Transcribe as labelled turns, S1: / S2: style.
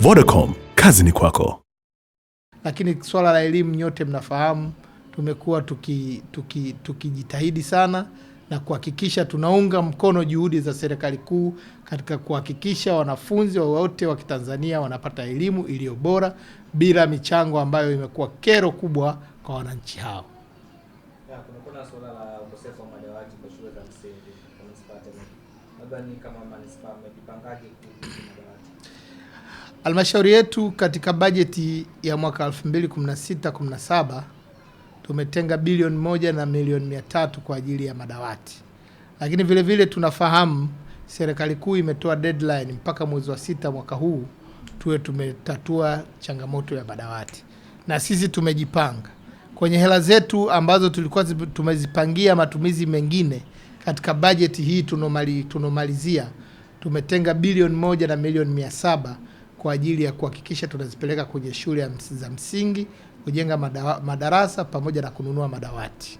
S1: Vodacom, kazi ni kwako. Lakini swala la elimu nyote mnafahamu, tumekuwa tukijitahidi tuki, tuki sana na kuhakikisha tunaunga mkono juhudi za serikali kuu katika kuhakikisha wanafunzi wote wa Kitanzania wanapata elimu iliyo bora bila michango ambayo imekuwa kero kubwa kwa wananchi hao.
S2: Halmashauri yetu katika bajeti ya mwaka 2016/17 tumetenga bilioni moja na milioni mia tatu kwa ajili ya madawati, lakini vile vile tunafahamu serikali kuu imetoa deadline mpaka mwezi wa sita mwaka huu tuwe tumetatua changamoto ya madawati, na sisi tumejipanga kwenye hela zetu ambazo tulikuwa tumezipangia matumizi mengine katika bajeti hii tunomali, tunomalizia tumetenga bilioni moja na milioni mia saba kwa ajili ya kuhakikisha tunazipeleka kwenye shule za msingi kujenga madarasa pamoja na kununua madawati.